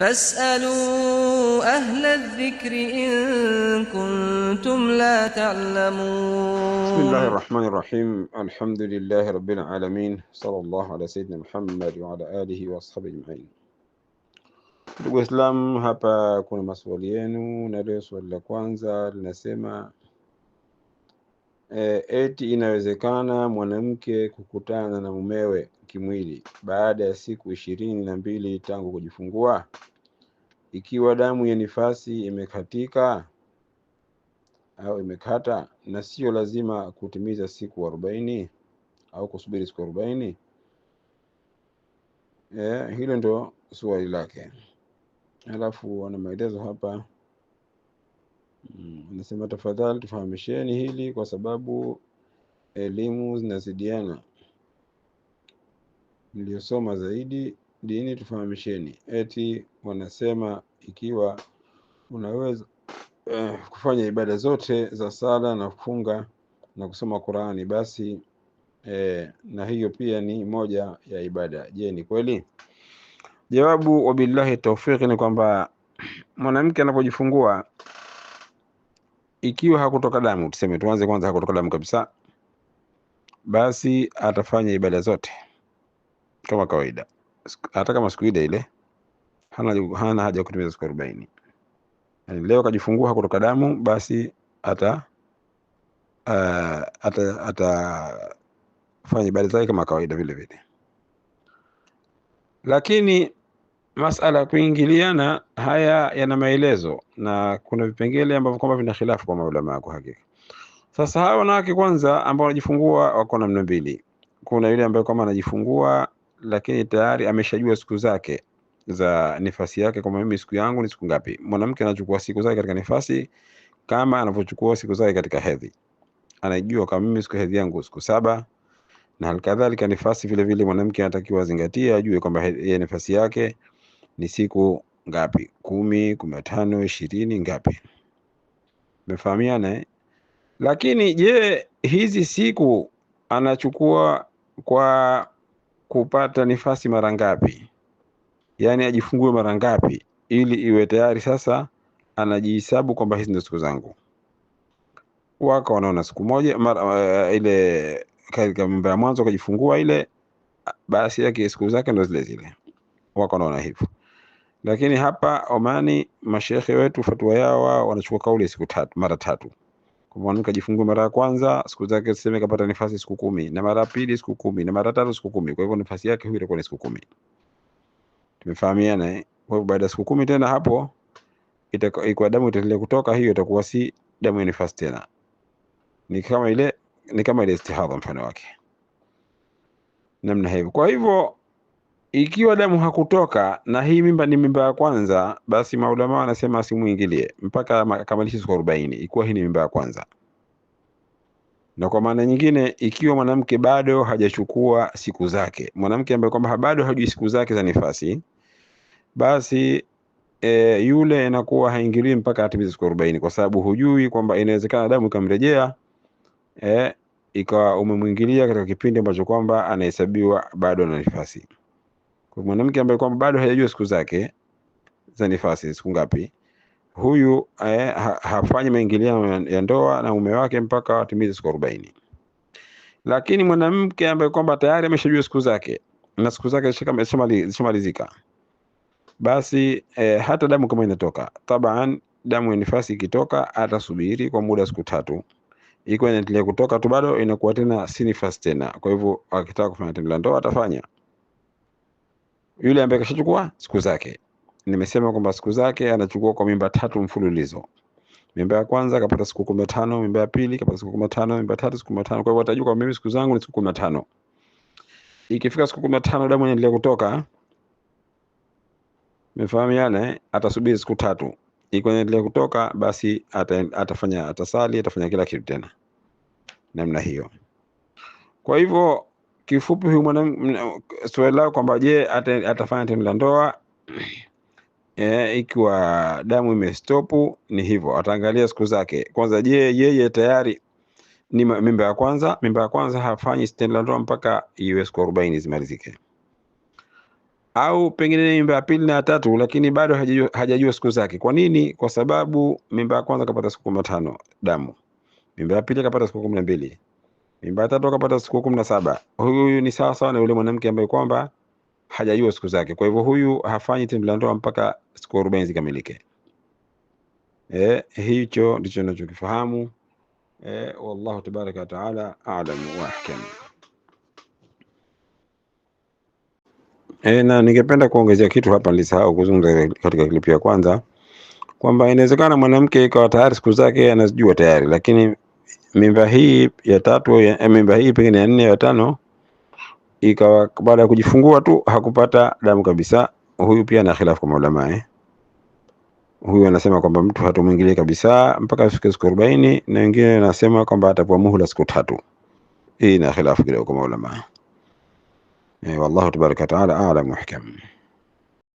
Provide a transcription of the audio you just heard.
فاسألوا أهل الذكر إن كنتم لا تعلمون بسم الله الرحمن الرحيم الحمد لله رب العالمين صلى الله على سيدنا محمد وعلى آله وصحبه أجمعين Ndugu Waislamu, hapa مسؤولين maswali ولا كوانزا لنسيما Eh, eti inawezekana mwanamke kukutana na mumewe kimwili baada ya siku ishirini na mbili tangu kujifungua ikiwa damu ya nifasi imekatika au imekata na sio lazima kutimiza siku arobaini au kusubiri siku arobaini. E, hilo ndio swali lake. alafu wana maelezo hapa. Anasema mm, tafadhali tufahamisheni hili kwa sababu elimu zinazidiana, niliyosoma zaidi dini tufahamisheni. Eti wanasema ikiwa unaweza eh, kufanya ibada zote za sala na kufunga na kusoma Qurani basi eh, na hiyo pia ni moja ya ibada. Je, ni kweli? Jawabu, wabillahi taufiki ni kwamba mwanamke anapojifungua ikiwa hakutoka damu, tuseme tuanze kwanza, hakutoka damu kabisa, basi atafanya ibada zote kama kawaida, hata kama siku ile ile hana, hana haja ya kutimiza siku arobaini. Yani leo akajifungua hakutoka damu, basi ata uh, eh, atafanya ibada zake kama kawaida vile vile, lakini masala kuingiliana haya yana maelezo na kuna vipengele ambavyo kwamba vina khilafu kwa maulama kwa hakika. Sasa hawa wanawake kwanza ambao wanajifungua wako namna mbili. Kuna yule ambaye kwamba anajifungua lakini tayari ameshajua siku zake za nifasi yake, kama mimi siku yangu ni siku ngapi. Mwanamke anachukua siku zake katika nifasi kama anavyochukua siku zake katika hedhi, anajua kama mimi siku hedhi yangu siku saba na halikadhalika nifasi vile vile mwanamke anatakiwa azingatie, ajue kwamba nifasi yake ni siku ngapi? kumi, kumi na tano, ishirini, ngapi? Umefahamiana eh? Lakini je, hizi siku anachukua kwa kupata nifasi mara ngapi? Yaani ajifungue mara ngapi ili iwe tayari sasa anajihisabu kwamba hizi ndio siku zangu. Waka wanaona siku moja mara, uh, ile katika mimba ya mwanzo akajifungua ile, basi yake siku zake ndo zile zile, waka wanaona hivyo. Lakini hapa Omani mashehe wetu fatua yao wao wanachukua kauli siku tatu, mara tatu. Kwa mwanamke ajifungue mara ya kwanza siku zake tuseme kapata nafasi siku kumi na mara pili siku kumi na mara tatu siku kumi. Kwa hivyo nafasi yake hiyo itakuwa ni siku kumi. Tumefahamiana eh? Kwa hivyo baada ya siku kumi tena hapo itakuwa damu itaendelea kutoka, hiyo itakuwa si damu ya nafasi tena, ni kama ile ni kama ile istihadha mfano wake namna hiyo. Kwa hivyo ikiwa damu hakutoka na hii mimba ni mimba ya kwanza, basi maulama wanasema asimuingilie mpaka akamalishe siku arobaini, ikiwa hii ni mimba ya kwanza. Na kwa maana nyingine, ikiwa mwanamke bado hajachukua siku zake, mwanamke ambaye kwamba bado hajui siku zake za nifasi, basi e, yule inakuwa haingilii mpaka atimize siku arobaini, kwa sababu hujui kwamba inawezekana damu ikamrejea e, ikawa umemwingilia katika kipindi ambacho kwamba anahesabiwa bado ana nifasi. Kwa mwanamke ambaye kwamba bado hajajua siku zake za nifasi siku ngapi, huyu eh, ha, hafanyi maingiliano ya ndoa na mume wake mpaka atimize siku 40 Lakini mwanamke ambaye kwamba tayari ameshajua siku zake na siku zake zishamalizika, basi eh, hata damu kama inatoka taban, damu ya nifasi ikitoka, atasubiri kwa muda siku tatu iko inaendelea kutoka tu bado inakuwa tena si nifasi tena. Kwa hivyo akitaka kufanya tendo la ndoa atafanya yule ambaye kashachukua siku zake. Nimesema kwamba siku zake anachukua kwa mimba tatu mfululizo. Mimba ya kwanza kapata siku kumi na tano, mimba ya pili kapata siku kumi na tano, mimba tatu siku kumi na tano. Kwa hivyo atajua kwamba mimi siku zangu ni siku kumi na tano. Ikifika siku kumi na tano damu inaendelea kutoka, yale atasubiri siku tatu. iko inaendelea kutoka, basi ata, atafanya atasali, atafanya kila kitu tena namna hiyo. Kwa hivyo Kifupi, huyu mwana swali lao kwamba je, atafanya tendo la ndoa yeah, eh, ikiwa damu imestopu. Ni hivyo, ataangalia siku zake kwanza. Je, yeye tayari ni mimba ya kwanza? Mimba ya kwanza hafanyi tendo la ndoa mpaka iwe siku arobaini zimalizike, au pengine mimba ya pili na ya tatu, lakini bado hajajua, hajajua siku zake. Kwa nini? Kwa sababu mimba ya kwanza kapata siku kumi na tano damu, mimba ya pili kapata siku kumi na mbili mimba ya tatu akapata siku kumi na saba huyu ni sawa sawa na yule mwanamke ambaye kwamba hajajua siku zake. Kwa hivyo huyu hafanyi tendo la ndoa mpaka siku arobaini zikamilike. E, hicho ndicho ninachokifahamu. E, wallahu tabaraka wa taala alam wa ahkam. E, na ningependa kuongezea kitu hapa, nilisahau kuzungumza katika klipu ya kwanza kwamba inawezekana mwanamke ikawa tayari siku zake anazijua tayari, lakini mimba hii ya tatu ya eh, mimba hii pengine ya nne ya tano, ikawa baada ya kujifungua tu hakupata damu kabisa. Huyu pia na khilafu kwa maulama eh, huyu anasema kwamba mtu hatumwingilie kabisa mpaka afike siku 40 na wengine wanasema kwamba atapewa muhula siku tatu. Hii na khilafu kidogo kwa maulama eh. Wallahu tabaraka wa taala a'lamu muhkam.